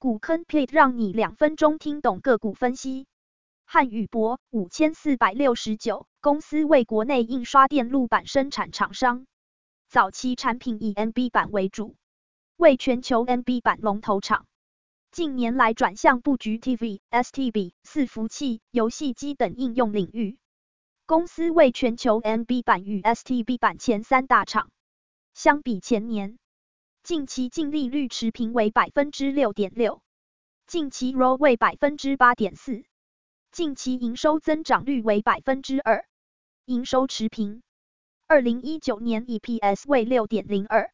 古坑 plate 讓你兩分鐘聽懂個股分析。瀚宇博五千四百六十九，5, 469，公司為國內印刷電路板生產廠商，早期產品以 NB 板為主，為全球 NB 板龍頭廠。近年來轉向佈局 TV、STB、伺服器、遊戲機等應用領域。公司為全球 NB 板與 STB 板前三大廠。相比前年。近期淨利率持平為百分之六點六，近期 ROE 為百分之八點四，近期營收增長率為百分之二，營收持平。二零一九年 EPS 為六點零二，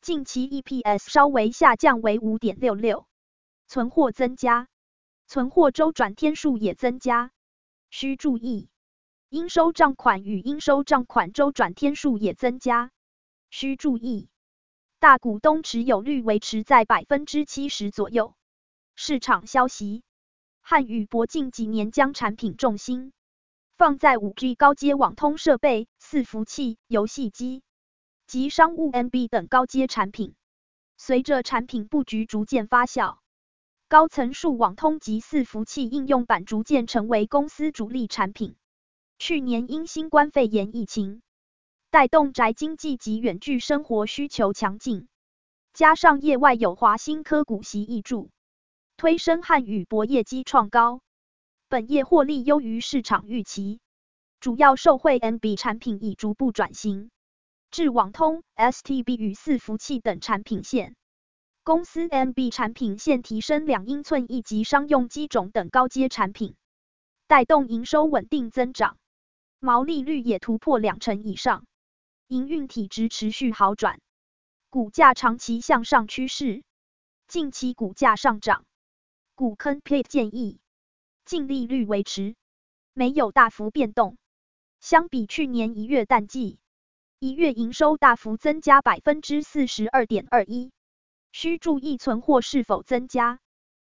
近期 EPS 稍微下降為五點六六，存貨增加，存貨週轉天數也增加，需注意。應收賬款與應收賬款週轉天數也增加，需注意。.大股東持有率維持在百分之七十左右。市場消息，瀚宇博近幾年將產品重心放在 5G 高階網通設備、伺服器、遊戲機及商務 NB 等高階產品。隨着產品布局逐漸發酵，高層數網通及伺服器應用板逐漸成為公司主力產品。去年因新冠肺炎疫情，帶動宅經濟及遠距生活需求強勁，加上業外有華新科股息挹注，推升瀚宇博業績創高，本業獲利優於市場預期。主要受惠 NB 產品已逐步轉型，至網通、STB 與伺服器等產品線，公司 NB 產品線提升兩英寸一級商用機種等高階產品，帶動營收穩定增長，毛利率也突破兩成以上。營運體質持續好轉，股價長期向上趨勢，近期股價上漲。股坑 p l a e 建議，淨利率維持，沒有大幅變動。相比去年一月淡季，一月營收大幅增加百分之四十二點二一，需注意存貨是否增加。